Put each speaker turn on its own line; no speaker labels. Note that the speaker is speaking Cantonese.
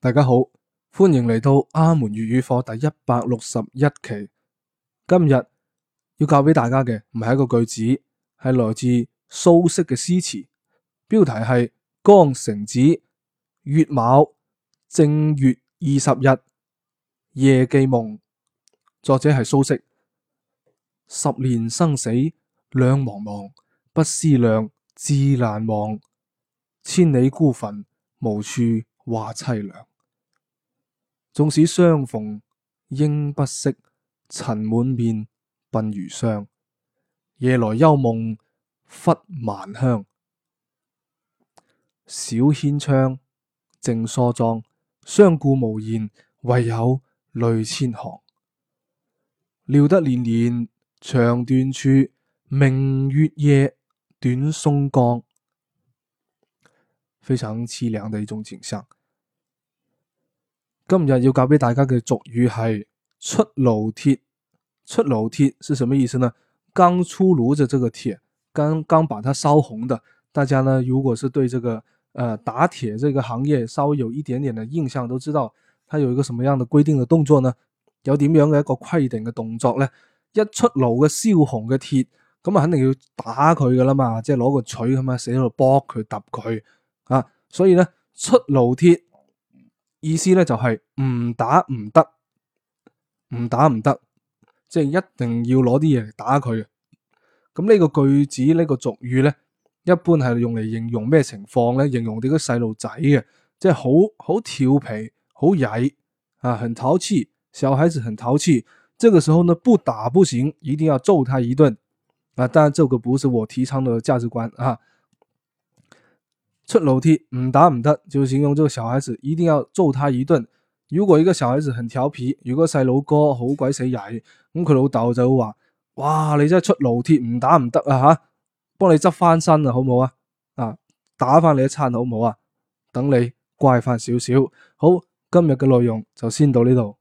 大家好，歡迎嚟到阿門粵語課第一百六十一期。今日要教俾大家嘅唔係一個句子，係來自蘇軾嘅詩詞，標題係《江城子·乙卯正月二十日夜記夢》，作者係蘇軾。十年生死兩茫茫，不思量，自難忘。千里孤墳，無處話淒涼。縱使相逢應不識，塵滿面，鬢如霜。夜來幽夢忽還鄉，小軒窗，正梳妝。相顧無言，唯有淚千行。料得年年腸斷處，明月夜，短松岡。非常凄涼的一種景象。今日要教俾大家嘅俗語係出爐鐵，出爐鐵是什麼意思呢？剛出爐嘅這個鐵，剛剛把它燒紅的。大家呢，如果是對這個，誒、呃、打鐵這個行業稍微有一點點的印象，都知道它有一個什麼樣的規定嘅動作呢？有點樣嘅一個規定嘅動作呢，一出爐嘅燒紅嘅鐵，咁啊，肯定要打佢噶啦嘛，即係攞個錘咁啊，死喺度搏佢揼佢啊，所以呢，出爐鐵。意思咧就係、是、唔打唔得，唔打唔得，即係一定要攞啲嘢嚟打佢。咁、這、呢個句子呢、這個俗語咧，一般係用嚟形容咩情況咧？形容啲個細路仔嘅，即係好好調皮、好曳啊，很淘氣，小孩子很淘氣。這個時候呢，不打不行，一定要揍他一頓啊！當然，這個不是我提倡的價值觀啊。出爐鐵唔打唔得，就形、是、容這個小孩子一定要揍他一頓。如果一個小孩子很調皮，如果細佬哥好鬼死曳，咁佢老豆就會話，哇，你真係出爐鐵唔打唔得啊吓，幫你執翻身啊好唔好啊？啊，打翻你一餐好唔好啊？等你乖翻少少。好，今日嘅內容就先到呢度。